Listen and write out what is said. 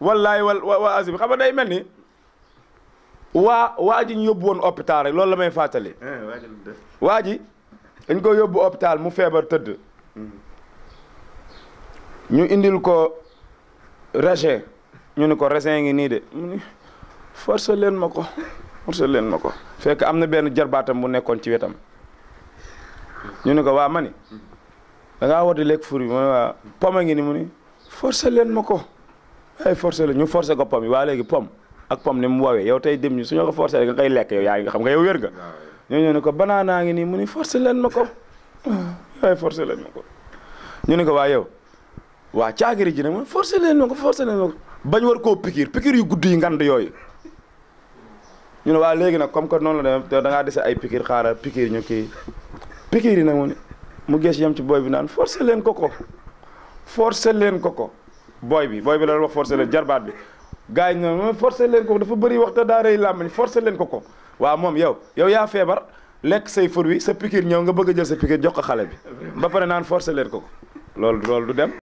wallaay wal wa azim xam nga day mel ni waa waa ji ñu yóbbu woon hôpital rek loolu la may fàttali. Eh, waa ji dañ ko yóbbu hôpital mu feebar tëdd. ñu indil ko rejet ñu ni ko rese ngi nii de mu ni force leen ma ko force leen ma ko fekk am na benn jarbaatam bu nekkoon ci wetam ñu ni ko waa ma ni da ngaa lekk fur mu poma ngi ni mu ni force leen ma ko ay forcé la ñu forcé ko pom yi waa léegi pom ak pom ni mu woowee yow tey dem ñu suñoo ko forcé nga koy lekk yaa ngi xam nga yow wér nga ñoo ñëw ne ko banaanaa ngi nii mu ni forcé leen ko ay leen ko ñu ne ko waa yow waa caagiri ji ne ma forcé leen ma ko forcé leen ko bañ war koo pikiir pikiir yu gudd yi ngand yooyu ñu ne waa léegi nag comme que noonu la demee dese ay pikiir xaaral pikiir ñu kii pikiir yi nag mu mu gees yem ci booy bi naan forcé leen ko ko forcé leen ko ko booy bi booy bi la wax forcé leen jarbaat bi gars yi ñoom forcé leen ko dafa bëri waxta daa rëy làmmiñ forcé leen ko ko waaw moom yow yow yaa feebar lekk say fur wi sa piqûre ñëw nga bëgg a jël sa piqûre jox ko xale bi ba pare naan forcé leen ko ko lool loolu du dem